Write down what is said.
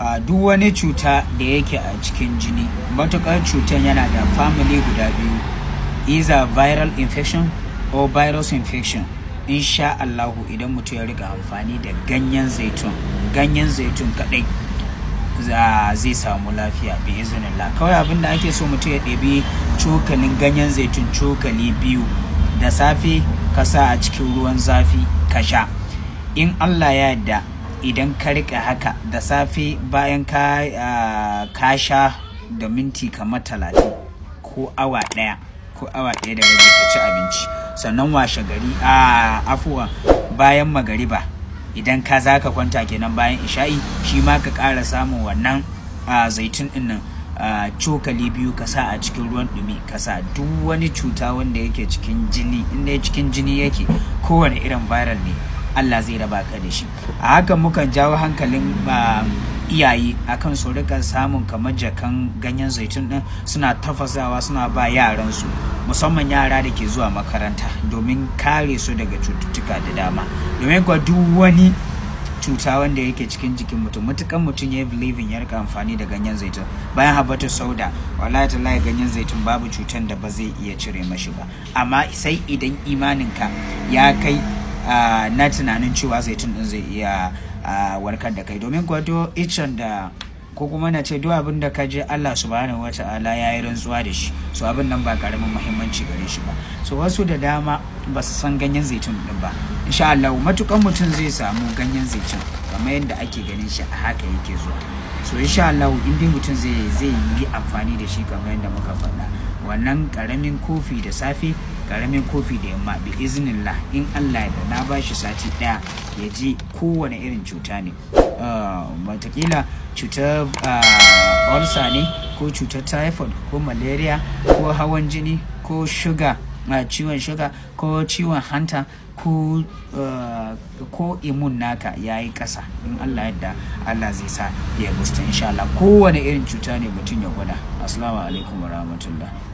a duk wani cuta da yake a cikin jini matuƙar cutan yana da family guda biyu either viral infection or virus infection insha Allahu idan mutu ya riga amfani da ganyen zaitun ganyen zaitun kaɗai zai samu lafiya bi izinillah kawai abin da ake so mutum ya ɗebi cokalin ganyen zaitun cokali biyu da safe ka a cikin ruwan zafi ka sha in Allah ya yarda idan ka rika haka da safe bayan ka sha da minti kamar talatin ko awa daya ko awa daya da rage ka ci abinci sannan washe gari a afuwa bayan magariba idan ka za ka kwanta kenan bayan isha'i shi ma ka kara samun wannan zaitun ɗin nan cokali biyu ka sa a cikin ruwan dumi ka sa duk wani cuta wanda yake cikin jini inda cikin jini yake kowane irin viral ne Allah zai raba ka da shi a hakan mukan jawo hankalin um, iyaye akan su rika samun kamar jakan ganyen zaitun din suna tafasawa suna ba yaransu musamman yara da ke zuwa makaranta domin kare su daga cututtuka da dama domin kuwa duk wani cuta wanda yake cikin jikin mutum matukan mutum ya believing ya rika amfani da ganyen zaitun bayan habatu sauda wallahi tallahi ganyen zaitun babu cutan da ba zai iya cire mashi ba amma sai idan imanin ka ya kai na tunanin cewa zaitun din zai iya warkar da kai domin kuwa do icen da ko kuma na ce duk abin da ka je Allah subhanahu wa ta'ala ya yi rantsuwa da shi so abin nan ba karamin muhimmanci gare shi ba so wasu da dama ba su san ganyen zaitun din ba insha Allah matukan mutum zai samu ganyen zaitun kamar yadda ake ganin shi a haka yake zuwa so insha Allah in dai mutum zai zai yi amfani da shi kamar yadda muka faɗa wannan karamin kofi da safe karamin kofi da yamma bi la in Allah ya na bashi sati daya ya ji kowane irin cuta ne matakila ah, cutar ah, ulcer ne ko cutar typhoid ko malaria ko hawan jini ko shuga ah, ciwon shuga ko ciwon hanta ko ko imun naka ya yi ƙasa in Allah yadda Allah zai sa ya gusta insha Allah kowane irin cuta ne mutum ya gwada assalamu alaikum wa rahmatullah